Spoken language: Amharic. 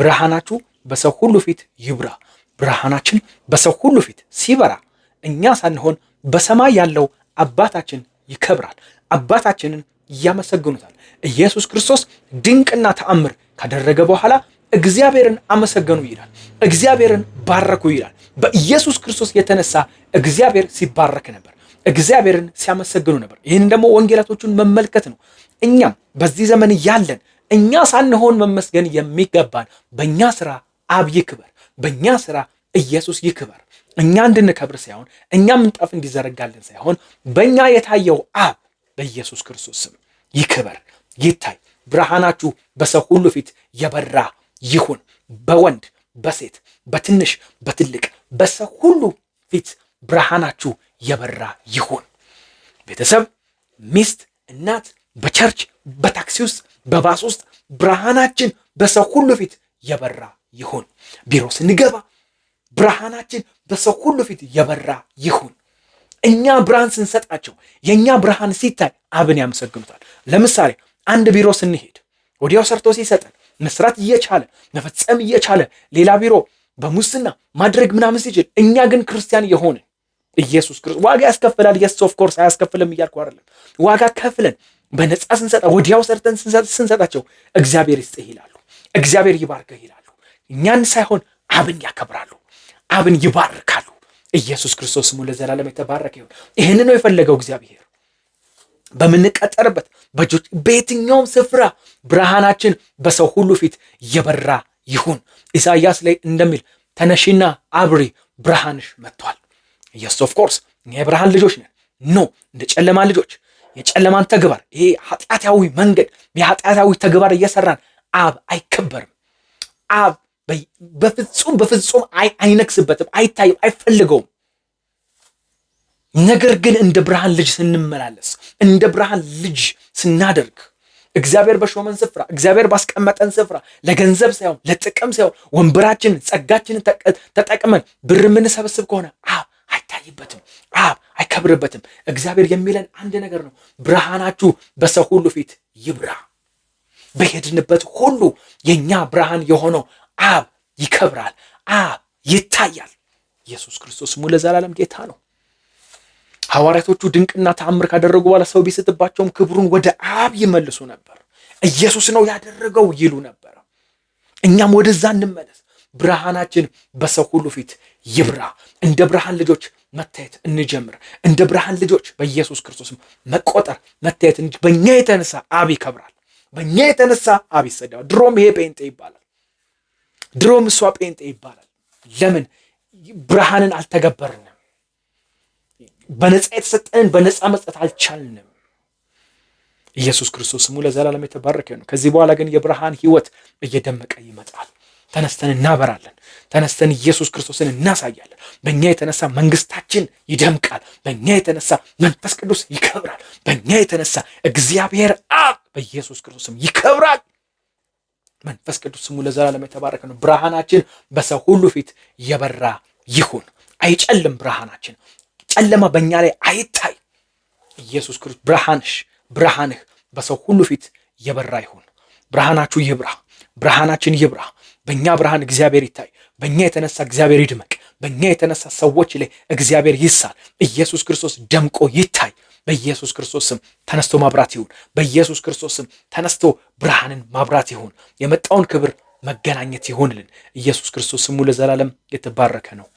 ብርሃናችሁ በሰው ሁሉ ፊት ይብራ። ብርሃናችን በሰው ሁሉ ፊት ሲበራ እኛ ሳንሆን በሰማይ ያለው አባታችን ይከብራል። አባታችንን ያመሰግኑታል። ኢየሱስ ክርስቶስ ድንቅና ተአምር ካደረገ በኋላ እግዚአብሔርን አመሰገኑ ይላል። እግዚአብሔርን ባረኩ ይላል። በኢየሱስ ክርስቶስ የተነሳ እግዚአብሔር ሲባረክ ነበር። እግዚአብሔርን ሲያመሰግኑ ነበር። ይህን ደግሞ ወንጌላቶቹን መመልከት ነው። እኛም በዚህ ዘመን ያለን እኛ ሳንሆን መመስገን የሚገባን በእኛ ስራ አብ ይክበር፣ በእኛ ስራ ኢየሱስ ይክበር። እኛ እንድንከብር ሳይሆን እኛ ምንጠፍ እንዲዘረጋልን ሳይሆን በእኛ የታየው አብ በኢየሱስ ክርስቶስ ስም ይክበር ይታይ። ብርሃናችሁ በሰው ሁሉ ፊት የበራ ይሁን። በወንድ በሴት በትንሽ በትልቅ በሰው ሁሉ ፊት ብርሃናችሁ የበራ ይሁን። ቤተሰብ፣ ሚስት፣ እናት፣ በቸርች፣ በታክሲ ውስጥ በባስ ውስጥ ብርሃናችን በሰው ሁሉ ፊት የበራ ይሁን። ቢሮ ስንገባ ብርሃናችን በሰው ሁሉ ፊት የበራ ይሁን። እኛ ብርሃን ስንሰጣቸው የእኛ ብርሃን ሲታይ አብን ያመሰግኑታል። ለምሳሌ አንድ ቢሮ ስንሄድ ወዲያው ሰርቶ ሲሰጠን መስራት እየቻለ መፈጸም እየቻለ ሌላ ቢሮ በሙስና ማድረግ ምናምን ሲችል፣ እኛ ግን ክርስቲያን የሆንን ኢየሱስ ክርስቶስ ዋጋ ያስከፍላል። ኢየሱስ ኦፍ ኮርስ አያስከፍልም እያልኩ አይደለም። ዋጋ ከፍለን በነፃ ስንሰጣ ወዲያው ሰርተን ስንሰጣቸው እግዚአብሔር ይስጥህ ይላሉ። እግዚአብሔር ይባርክህ ይላሉ። እኛን ሳይሆን አብን ያከብራሉ። አብን ይባርካሉ። ኢየሱስ ክርስቶስ ስሙ ለዘላለም የተባረከ ይሁን። ይህን ነው የፈለገው እግዚአብሔር። በምንቀጠርበት በእጆች በየትኛውም ስፍራ ብርሃናችን በሰው ሁሉ ፊት የበራ ይሁን። ኢሳይያስ ላይ እንደሚል ተነሺና አብሪ ብርሃንሽ መጥቷል። ኢየሱስ ኦፍ ኮርስ እኛ የብርሃን ልጆች ነን። ኖ እንደ ጨለማ ልጆች የጨለማን ተግባር ይሄ ኃጢአታዊ መንገድ የኃጢአታዊ ተግባር እየሰራን አብ አይከበርም። አብ በፍጹም በፍጹም አይነግስበትም፣ አይታይም፣ አይፈልገውም። ነገር ግን እንደ ብርሃን ልጅ ስንመላለስ እንደ ብርሃን ልጅ ስናደርግ እግዚአብሔር በሾመን ስፍራ እግዚአብሔር ባስቀመጠን ስፍራ ለገንዘብ ሳይሆን ለጥቅም ሳይሆን ወንበራችንን ጸጋችንን ተጠቅመን ብር የምንሰበስብ ከሆነ አብ አይታይበትም፣ አብ አይከብርበትም። እግዚአብሔር የሚለን አንድ ነገር ነው፣ ብርሃናችሁ በሰው ሁሉ ፊት ይብራ። በሄድንበት ሁሉ የእኛ ብርሃን የሆነው አብ ይከብራል፣ አብ ይታያል። ኢየሱስ ክርስቶስ ስሙ ለዘላለም ጌታ ነው። ሐዋርያቶቹ ድንቅና ተአምር ካደረጉ በኋላ ሰው ቢስትባቸውም ክብሩን ወደ አብ ይመልሱ ነበር። ኢየሱስ ነው ያደረገው ይሉ ነበር። እኛም ወደዛ እንመለስ። ብርሃናችን በሰው ሁሉ ፊት ይብራ። እንደ ብርሃን ልጆች መታየት እንጀምር። እንደ ብርሃን ልጆች በኢየሱስ ክርስቶስም መቆጠር መታየት። በእኛ የተነሳ አብ ይከብራል። በእኛ የተነሳ አብ ይሰዳል። ድሮም ይሄ ጴንጤ ይባላል። ድሮም እሷ ጴንጤ ይባላል። ለምን ብርሃንን አልተገበርንም? በነፃ የተሰጠንን በነፃ መስጠት አልቻልንም። ኢየሱስ ክርስቶስ ስሙ ለዘላለም የተባረከ ነው። ከዚህ በኋላ ግን የብርሃን ህይወት እየደመቀ ይመጣል። ተነስተን እናበራለን። ተነስተን ኢየሱስ ክርስቶስን እናሳያለን። በእኛ የተነሳ መንግስታችን ይደምቃል። በእኛ የተነሳ መንፈስ ቅዱስ ይከብራል። በእኛ የተነሳ እግዚአብሔር አብ በኢየሱስ ክርስቶስም ይከብራል። መንፈስ ቅዱስ ስሙ ለዘላለም የተባረከ ነው። ብርሃናችን በሰው ሁሉ ፊት የበራ ይሁን። አይጨልም ብርሃናችን፣ ጨለማ በእኛ ላይ አይታይ። ኢየሱስ ክርስቶስ ብርሃንሽ ብርሃንህ በሰው ሁሉ ፊት የበራ ይሁን። ብርሃናችሁ ይብራ፣ ብርሃናችን ይብራ። በእኛ ብርሃን እግዚአብሔር ይታይ፣ በእኛ የተነሳ እግዚአብሔር ይድመቅ፣ በእኛ የተነሳ ሰዎች ላይ እግዚአብሔር ይሳል። ኢየሱስ ክርስቶስ ደምቆ ይታይ። በኢየሱስ ክርስቶስ ስም ተነስቶ ማብራት ይሁን። በኢየሱስ ክርስቶስ ስም ተነስቶ ብርሃንን ማብራት ይሁን። የመጣውን ክብር መገናኘት ይሆንልን። ኢየሱስ ክርስቶስ ስሙ ለዘላለም የተባረከ ነው።